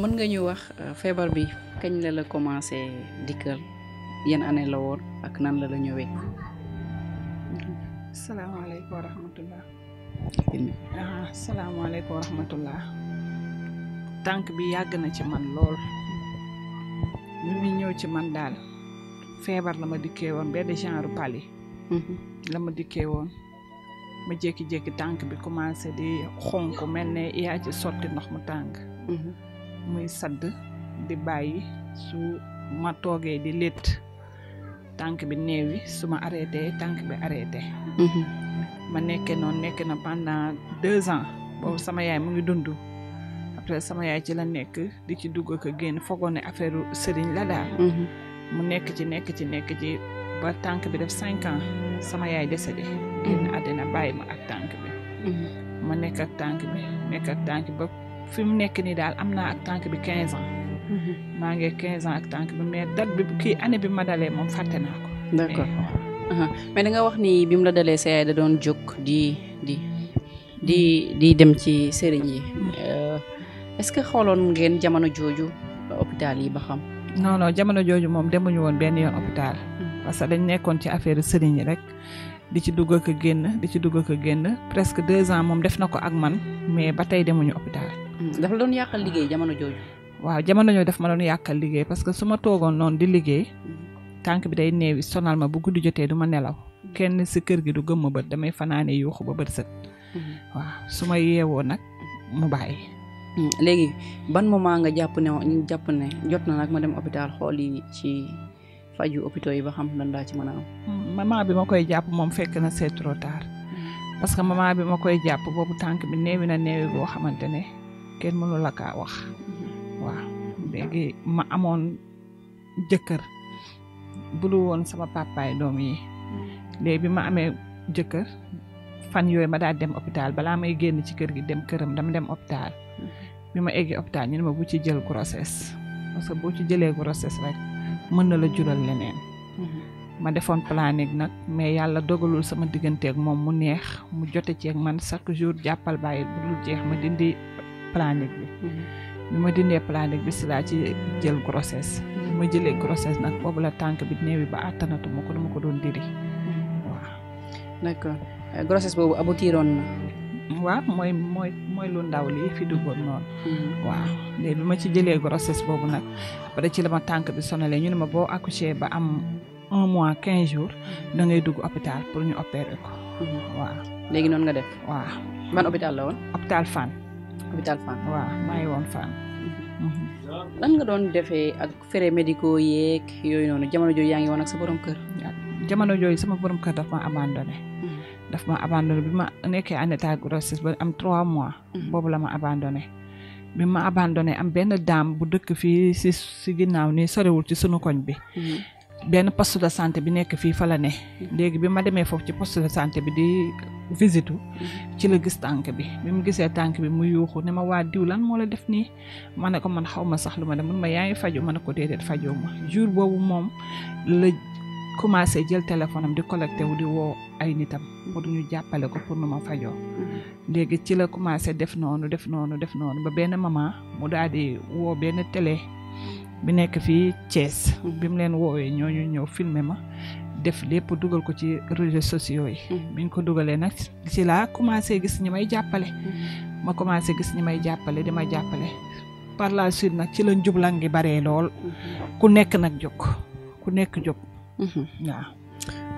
mën nga ñu wax euh, feebar bi kañ la la commencé dikkal yan année la woon ak nan la la ñëwee salaamaaleykum wa rahmatullah ah, salaamaaleykum wa rahmatullah tànk bi yàgg na ci man lool ñu ngi ñëw ci man daal feebar la ma dikkee woon benn genre pali mhm. la ma dikkee woon ma jékki-jékki tànk bi commencé di xonku mel ne yaa ci sotti ndox mu tàng mhm. muy sadd di bàyyi su ma toogee di létt tànk bi néewi suma ma tànk bi arrêté mhm. ma nekkee noonu nekk na pendant deux ans boobu sama yaay mu ngi dund après sama yaay ci la nekk di ci dugg ak génn foogoon ne affaire sëriñ la daal mhm. mu nekk ci nekk ci nekk ci ba tànk bi def cinq ans sama yaay décédé mhm. génn àddina bàyyi ma ak tànk bi ma nekk ak tànk bi nekk ak tànk ba fi mu nekk nii daal am naa ak tànk bi 15 ans. Mhm. maa nge 15 ans ak tànk bi mais date bi kii année bi ma dalee moom fàtte naa ko. d'accord nga wax ni bi mu la dalee sa da doon jóg di di di di dem ci sëriñ yi. Euh, est-ce que xooloon ngeen jamono jooju hôpital yi ba xam. non non jamono jooju moom demuñu woon benn yoon hôpital. Hmm. parce que dañ nekkoon ci affaire sëriñ yi rek. di ci dugg ak génn di ci dugg ak génn presque deux ans moom def na ko ak man mais ba tey demuñu hôpital. Mm, dafa doon yàqal liggéey jamono jooju. waaw jamono jooju daf ma doon yàqal liggéey parce que su ma toogoon noonu di liggéey. Mm-hmm. tànk bi day néewi sonal ma bu guddi jotee du ma nelaw. Mm-hmm. kenn si kër gi du gëm ma bët damay fanaane yuuxu ba bët set. Mm-hmm. waaw su ma yeewoo nag mu bàyyi. Mm, léegi ban moment nga jàpp ne wo jàpp ne jot na nag ma dem hôpital xool yi ci faju hôpitaux yi ba xam lan laa ci mën a am. maman bi ma koy jàpp moom fekk na c'est trop tard. parce que maman ma koy bi néewi xamante ne kenn mënu la kaa wax mm-hmm. waaw ma amoon jëkkër bulu woon sama papaay doom yi mm-hmm. léegi bi ma amee jëkkër fan yooyu ma daal dem hôpital balaa may génn ci kër gi dem këram dama dem hôpital mm-hmm. bi ma eggee hôpital ñu ne bu ci jël grossesse parce que boo ci jëlee grossesse rek mën na la jural leneen ma defoon planning nag mais yàlla dogalul sama digganteeg moom mu neex mu jote ceeg man chaque jour jàppal bàyyi bu jeex ma dindi planning bi bi mm-hmm. ma dindee planning bi si laa ci jël grossesse bi mm-hmm. ma jëlee grossesse nag boobu la tànk bi bi ba àttanatu ma ko dama ko doon diri mm-hmm. waaw d'accord grossesse boobu mooy mooy mooy lu ndaw lii fi duggoon noonu bi ma ci jëlee grossesse boobu nag après ci la ma tànk bi sonalee ñu ne ma boo accouché ba am un mois quinze jours da ngay dugg hôpital pour ñu opérer ko waaw léegi noonu nga def waaw man hôpital la woon hôpital Fann hôpital Fann waaw maa ngi woon Fann mhm. lan nga doon defee ak fere médico yeeg yooyu noonu jamono jooju yaa ngi woon ak sa borom kër jamono jooju sama borom kër daf ma abandonné mhm. daf ma abandonné bi ma nekkee en état grossesse ba am trois mois mhm. boobu la ma abandonné bi ma abandonné am benn daam bu dëkk fii si si ginnaaw ni sorewul ci sunu koñ bi benn poste de santé bi nekk fii fa la ne léegi bi ma demee foofu ci poste de santé bi di visite mhm. ci la gis tànk bi bi gisee tànk bi mu yuuxu ne ma waa diw lan moo la def nii ma ne ko man xaw ma sax lu ma def man ma yaa ngi faju ma ne ko déedéet fajoo ma boobu moom la commencé jël téléphone am di collecté wu di woo ay nitam pour ñu jàppale ko pour nu ma fajoo mhm. léegi ci la commencé def noonu def noonu def noonu ba benn maman mu daal di woo benn télé bi nekk fii Thiès. bi mu leen woowee ñooñu ñëw filmer ma def lépp dugal ko ci réseaux sociaux yi. Mm-hmm. biñ ko dugalee nag ci laa commencé gis ñi may jàppale. Mm-hmm. ma commencé gis ñi may jàppale di ma jàppale. par la suite nag ci la jublan gi baree lool. Mm-hmm. ku nekk nag jóg ku nekk jóg. waaw.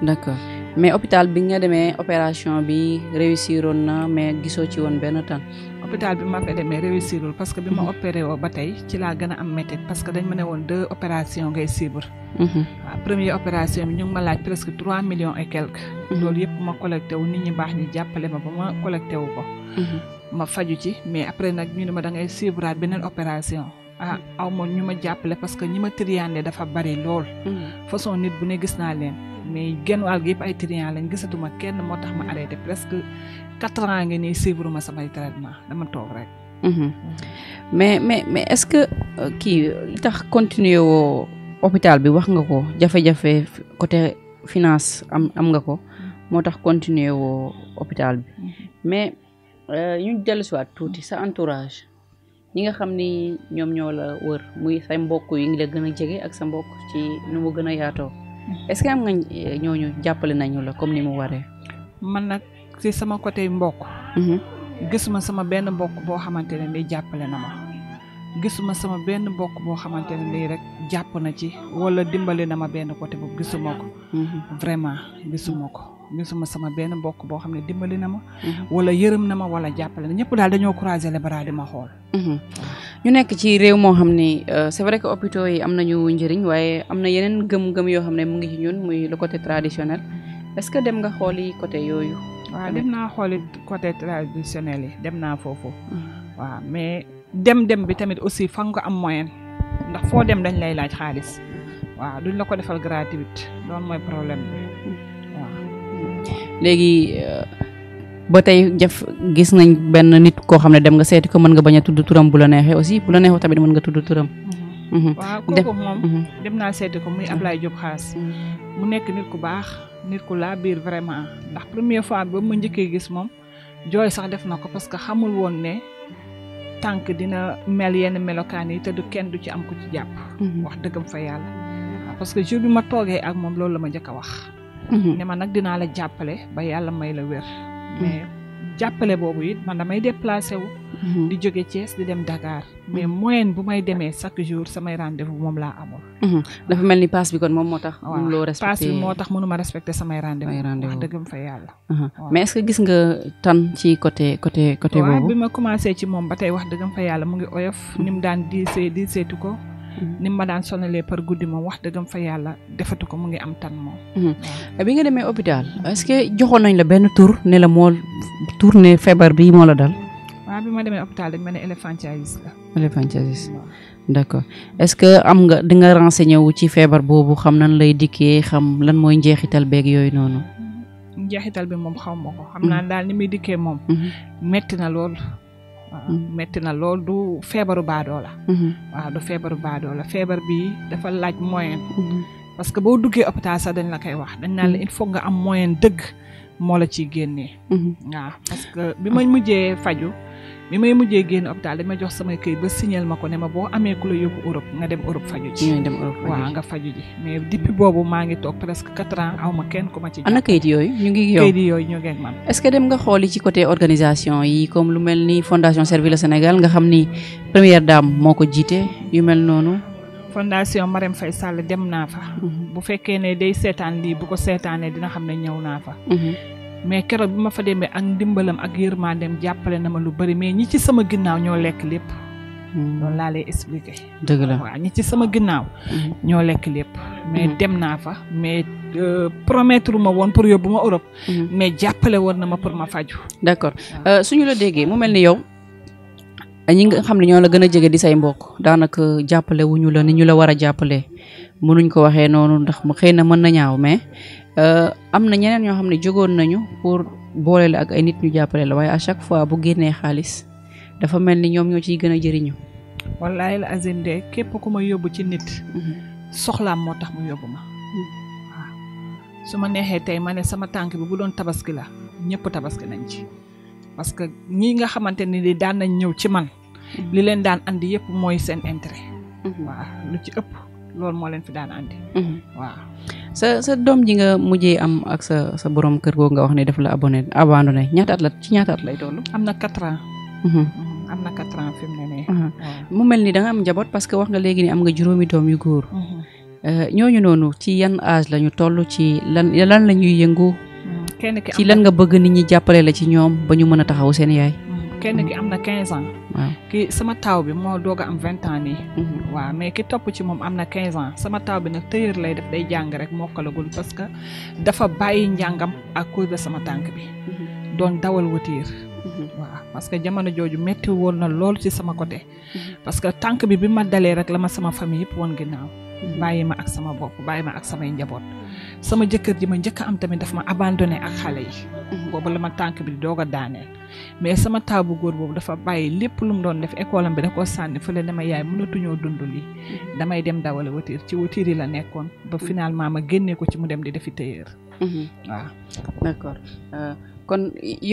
d'accord mais hôpital bi nga demee opération bi réussiroon na mais gisoo ci woon benn tan hôpital bi ma ko demee réussirul parce que bi ma mhm. opéré woo ba tey ci laa gën a am métit parce que dañ ma ne woon deux opération ngay suivre. Mhm. waaw première opération bi ñu ma laaj presque trois millions et quelques. Mhm. loolu yëpp ma collecté wu nit ñi baax ñi jàppale ma ba ma collecté wu ko. ma faju ci mais après nag ñu ne ma da ngay suivraat beneen opération. ah aw ma ñu ma jàppale parce que ñi ma triande dafa bari lool. Mm. façon nit bu ne gis naa leen. mais genn wàll gi yëpp ay trian lañ gisatuma kenn moo tax ma arrêté presque quatre ans ngee nii suivre ma samay traitement dama toog rek. Mm-hmm. Mm. mais mais mais est-ce que euh, kii li tax continuer woo hôpital bi wax nga ko jafe-jafe côté finance am am nga ko mm. moo tax continuer woo hôpital bi mm-hmm. mais euh, ñu dellusiwaat tuuti sa entourage. ñi nga xam ni ñoom ñoo la wër muy say mbokk yi ngi la gën a jege ak sa mbokk ci nu mu gën a yaatoo mm-hmm. est-ce que am nga eh, ñooñu jàppale nañu la comme ni mu waree man nag si sama côté mbokk mm-hmm. ma sama benn mbokk boo xamante ne day jàppale na ma gisuma sama benn mbokk boo xamante ne lii rek jàpp na ci wala dimbali na ma benn côté boobu gisuma ko. Mm-hmm. vraiment gisuma ko gisuma sama benn mbokk boo xam ne dimbali na ma. Mm-hmm. wala yërëm na ma wala jàppale na ñëpp daal dañoo croiser le bras di ma xool. Mm-hmm. ñu nekk ci réew moo xam ni euh, c'est vrai que hôpitaux yi am nañu njëriñ waaye am na yeneen gëm yoo xam ne mu ngi ci ñun muy le côté traditionnel est-ce que dem nga xooli côté yooyu. waaw dem naa xooli côté traditionnel yi dem naa foofu. dem-dem bi tamit aussi fa nga am moyen ndax foo dem dañ lay laaj xaalis waaw duñ la ko defal gratuite loolu mooy problème bi léegi euh, ba tey jëf gis nañ benn nit koo xam ne dem nga seeti ko mën nga bañ a tudd turam bu la neexee aussi bu la neexee tamit mën nga tudd turam. Mm-hmm. Mm-hmm. waaw kooku moom mm-hmm. dem naa seeti ko muy Ablaye Diop xaas mu nekk nit ku baax nit ku laa biir vraiment ndax première fois ba ma njëkkee gis moom jooy sax def na ko parce que xamul woon ne. tànk dina mel yenn melokaan yi te du kenn du ci am ku ci jàpp. Mhm. wax dëggam fa yàlla. parce que jour bi ma toogee ak moom loolu la ma njëkk a wax. Mhm. ne ma nag dinaa la jàppale ba yàlla may la wér. Mhm. mais jàppale boobu it man damay déplacé wu. Mhm. di jóge Thiès di dem Dakar. Mhm. mais moyenne bu may demee chaque jour samay rendez-vous moom laa amul. Mhm. mel ni pass bi kon moom moo tax. mënuloo respecté moo tax mënuma respecté samay rendez-vous. wax dëggam fa yàlla. mais est-ce que gis nga tan ci côté côté côté boobu. ma commencé ci moom ba tey wax dëggam fa yàlla mu ngi oyof. ni daan diisee diiseetu ko. Mm-hmm. ni ma daan sonalee par guddi moom wax dëggam fa yàlla defatu ko mu ngi am tan moom. Mm-hmm. bi nga demee hôpital est-ce que joxoon nañ la benn tour ne la moo tour ne feebar bi moo la dal. waaw bi ma demee hôpital dañ ma ne éléphantiasis la. éléphantiasis d'accord est-ce que am nga di nga renseigné wu ci feebar boobu xam nan lay dikkee xam lan mooy njeexital beeg yooyu noonu. njeexital bi moom xaw ma ko. xam naa mm-hmm. daal ni muy dikkee moom. metti na lool. Mm-hmm. metti na lool du febaru baadoo la mm-hmm. wa du febaru baadoo la febar bi dafa laaj moyen mm-hmm. parce que bo duggé hôpital sa dañ la kay wax dañ na la il faut nga am moyen deug mo la ci génnee wa parce que bima mujjé mujjee faju bi may mujjee génn hôpital ma jox samay këy ba signal ma ko ne ma boo amee ku la yóbbu Europe nga dem Europe faju ji. nga faju ji mais depuis boobu maa ngi toog presque quatre ans aw ma kenn ku ma ci. ana kayit yooyu ñu ngi yow yooyu ñu ngi ak man. est-ce que dem nga xooli ci côté organisation yi comme lu mel ni fondation Servir le Sénégal nga xam ni première dame moo ko jiite yu mel noonu. fondation Marème Faye Sall dem naa fa. Mhm. bu fekkee ne day seetaan lii bu ko seetaanee dina xam ne ñëw naa fa. Mhm. mais keroog bi ma fa demee ak ndimbalam ak yërmandeem jàppale na ma lu bari mais ñi ci sama ginnaaw ñoo lekk lépp. Hmm. loolu laa dëgg la waaw ci sama ginnaaw. Hmm. ñoo lekk lépp. mais hmm. dem naa fa mais euh, promettre ma woon pour yóbbu ma Europe. mais jàppale woon na ma pour ma faju d' accord euh, suñu la déggee mu mel ni yow. ñi nga xam ne ñoo la gën a jege di say mbokk daanaka jàppale wuñu la ni ñu la war a jàppale mënuñ ko waxee noonu ndax mu xëy na mën na ñaaw mais Euh, am na ñeneen ñoo xam ne jógoon nañu pour boole la ak ay nit ñu jàppale la waaye à chaque fois bu génnee xaalis dafa mel ni ñoom ñoo ciy gën a jëriñu. wallaay la Azim de képp ku ma yóbbu ci nit. Mhm. soxlaam moo tax mu yóbbu ma. Mhm. su ma neexee tey ma ne sama tànk bi bu doon tabaski la ñëpp tabaski nañ ci. parce que ñi nga xamante ni daan nañ ñëw ci man. Mhm. li leen daan andi yëpp mooy seen intérêt. waaw lu ci ëpp loolu moo leen fi daan andi. waaw. sa doom ji nga mujjee am ak sa sa borom kër googu nga wax ne def la abonné abandonné ñaata at la ci lay toll. am na 4 ans. Mhm. Mhm. am na 4 ans fi mu mu mel ni danga am njaboot parce que wax nga léegi ni am nga juróomi doom yu góor. Mhm. Eh, ñooñu noonu ci yan âge la ñu toll ci lan lan la ñuy yëngu. kenn ki ci lan nga bëgg nit ñi jàppale la ci ñoom ba ñu mën a taxaw seen yaay. ki sama taaw bi moo doog a am vingt ans nii. Mhm. waaw mais ki topp ci moom am na quinze ans sama taaw bi nag tëyër lay def day jàng rek mokkalagul parce que dafa bàyyi njàngam ak cause de sama tànk bi. Mhm. doon dawal mhm. wutiir parce que jamono jooju métti woon na lool ci sama côté. parce que tànk bi bi ma dalee rek la ma sama famille yëpp woon ginnaaw. bàyyi ma ak sama bopp bàyyi ma ak samay njaboot. sama jëkkër ji ma njëkk am tamit dafa ma abandonné ak xale yi. Um, boobu la ma tànk bi di doog a daaneel mais sama taabu góor boobu dafa bàyyi lépp lu mu doon def école am bi da koo sànni fële ne ma yaay mënatuñoo dund lii mm-hmm. damay dem dawale watiir ci watiir yi la nekkoon ba mm-hmm. finalement ma génnee ko ci mu dem di defi téyeer mm-hmm. waaw d'accord euh, kon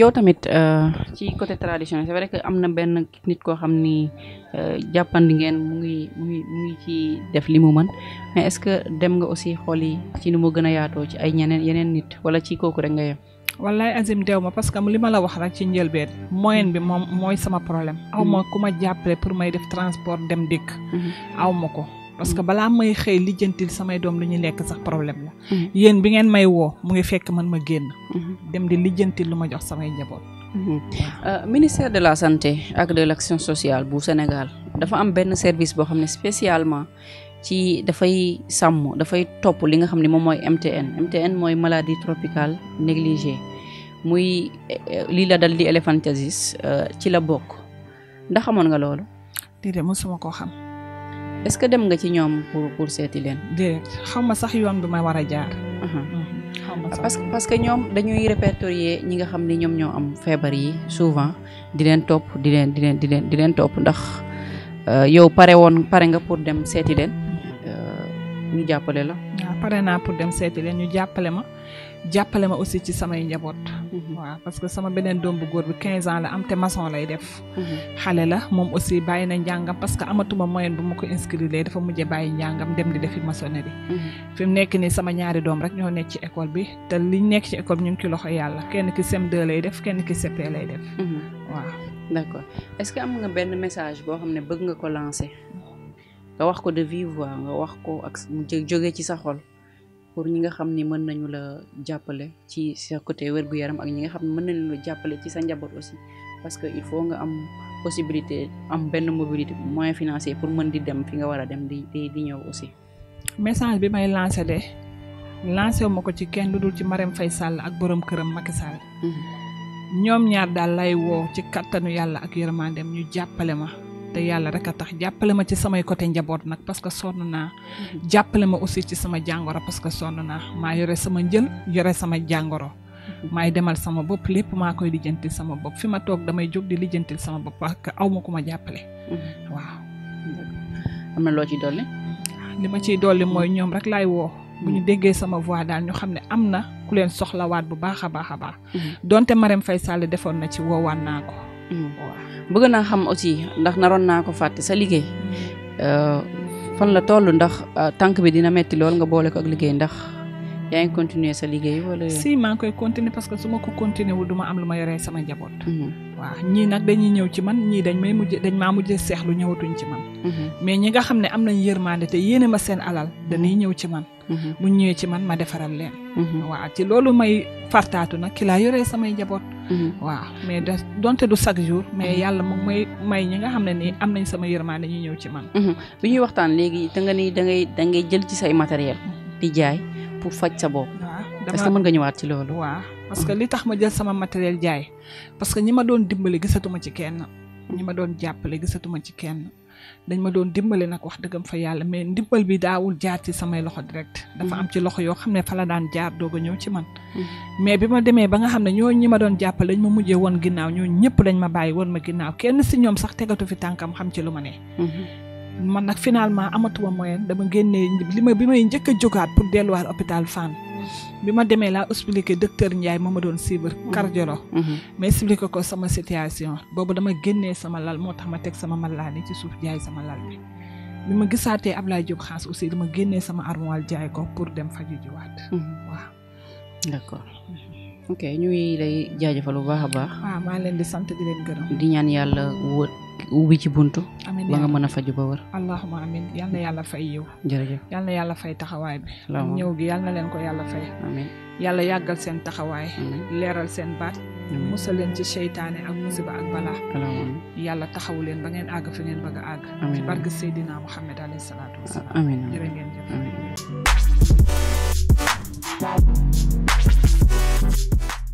yow tamit euh, ci côté traditionnel c'est vrai am na benn nit koo xam ni euh, jàppandi ngeen mu ngi mu mu ngi ci def li mu mën mais est-ce que dem nga aussi xool yi ci nu mu gën a yaatoo ci ay ñeneen yeneen nit wala ci kooku rek nga yem wallaay Azim dew ma parce que li ma la wax rek ci njëlbeen moyen bi moom mooy sama problème. Mm-hmm. aw ma ku ma jàppale pour may def transport dem dikk. Mm-hmm. aw ma ko. parce que mm-hmm. balaa may xëy lijjantil samay doom lu ñu lekk sax problème la. yéen bi ngeen may woo mu ngi fekk man ma génn. dem di lijjantil lu ma jox samay njaboot. Euh, ministère de la santé ak de l'action sociale bu Sénégal dafa am benn service boo xam ne spécialement. ci dafay sàmm dafay topp li nga xam ne moom mooy MTN MTN mooy maladie tropicale négligée muy eh, lii la dal di éléphantiasis euh, ci la bokk ndax xamoon nga loolu. déedéet mosuma koo xam. est-ce que dem nga ci ñoom pour pour seeti leen. déedéet ma sax yoon bi ma war a jaar. Uh-huh. Mm-hmm. parce que parce que ñoom dañuy répertorier ñi nga xam ni ñoom ñoo am feebar yi souvent di leen topp di leen di leen di leen di leen topp ndax euh, yow pare woon pare nga pour dem seeti leen. ñu jàppale la. waaw ah, pare pour dem seeti leen ñu jàppale ma jàppale ma aussi ci samay njaboot. Mhm. waaw parce que sama beneen doom bu góor bi 15 ans la am te maçon lay def. Mhm. xale la moom aussi bàyyi na njàngam parce que amatuma moyen bu ma ko inscrire dafa mujjee bàyyi njàngam dem di defi maçonnerie. Mhm. fi mu nekk nii sama ñaari doom rek ñoo nekk ci école bi te liñ nekk ci école bi ñu ngi ci loxo yàlla kenn ki sem 2 lay def kenn ki CP lay def. waaw. d'accord est-ce que am nga benn message boo xam ne bëgg nga ko lancer. nga wax ko de vive voix nga wax ko ak mu joge ci sa xol pour ñi nga xam ni mën nañu la jàppale ci sa côté wér yaram ak ñi nga xam ne mën nañu jàppale ci sa njaboot aussi parce que il faut nga am possibilité am benn mobilité moyen financier pour mën di dem fi nga war a dem di di ñëw aussi. message bi may lancé de lancé wu ma ko ci kenn lu dul ci Marème fay Sall ak borom këram Macky Sall. Mhm. ñoom ñaar daal lay woo ci kattanu yàlla ak dem ñu jàppale ma. te yàlla rek a tax jàppale ma ci samay côté njaboot nag parce que sonn naa mm-hmm. jàppale ma aussi ci sama jàngoro parce que sonn naa maa yore sama njël yore sama jàngoro mm-hmm. maay demal sama bopp lépp maa koy lijjantil sama bopp fi ma toog damay jóg di lijjantil sama bopp parce que aw ma ku ma jàppale mm-hmm. waaw am na loo ci dolli li ma ciy dolli mooy ñoom rek laay woo bu ñu déggee sama voix daal ñu xam ne am na ku leen soxlawaat bu baax a baax a baax donte Marème Faye Sall defoon na ci woowaan naa ko Mm. bëgg naa xam aussi ndax naroon naa ko fàtte sa liggéey euh, fan la toll ndax euh, tànk bi dina metti lool nga boole ko ak liggéey ndax yaa continuer sa liggéey wala. si maa ngi koy continuer parce que su ma ko continuer wu duma am lu ma yoree sama njaboot. Mm-hmm. waaw ñii nag dañuy ñëw ci man ñii dañ may mujj dañ maa mujj seexlu ñëwatuñ ci man. Mm-hmm. mais ñi nga xam ne am nañ yërmande te yéene ma seen alal mm-hmm. dañuy ñëw ci man. mu ñëwee ci man ma defaral leen. waaw ci loolu may fartaatu nag ki laa yoree samay njaboot. Mm-hmm. waaw mais da donte du chaque jour mais mm-hmm. yàlla moom may ñi nga xam ne ni am nañ sama yërmande ñu ñëw ci man mm-hmm. bi ñuy waxtaan léegi te nga ni da ngay da ngay jël ci say matériel di jaay pour faj sa bopp est que mën nga ñëwaat ci loolu waaw parce que li tax ma jël sama matériel jaay parce que ñi ma doon dimbali gisatuma ci kenn ñi ma doon jàppale gisatuma ci kenn dañ ma doon dimbali nag wax dëggam fa yàlla mais ndimbal bi daawul jaar ci samay loxo direct. dafa mhm. am ci loxo yoo xam ne fa la daan jaar doog a ñëw ci man. Mhm. mais bi ma demee ba nga xam ne ñooñu ñi ma doon jàppale dañ ma mujjee woon ginnaaw ñooñu ñëpp dañ ma bàyyi woon ma ginnaaw kenn si ñoom sax tegatu fi tànkam xam ci lu ma ne. Mhm. man nag finalement amatuma moyen dama génnee li ma bi may njëkk a jógaat pour delluwaat hôpital Fann bi ma demee laa expliqué docteur Ndiaye ma ma doon suivre jolo mm-hmm. mm-hmm. ma expliqué ko sama situation boobu dama génnee sama lal moo tax ma teg sama malaani ci suuf jaay sama lal bi bi ma gisaatee Ablaye Diop xaas aussi dama génnee sama armoil jaay ko pour dem faju jiwaat mm-hmm. waaw d'accord ok ñu ngi lay jaajëfal bu baax a baax waaw ah, maa leen di sant di leen gërëm di ñaan yàlla wóor ubbi ci bunt amiin ba nga mën a faju ba wër. allahumma amiin yal na yàlla fay yow. jërëjëf yal na yàlla fay taxawaay bi. ñëw gi yal na leen ko yàlla fay. amiin yàlla yàggal seen taxawaay. leeral seen baat. musal leen ci seytaane ak musiba ak balaa. yàlla taxawu leen ba ngeen àgg fi ngeen bëgg a àgg. amiin ci barke Seydina Muhammad alayhi salaatu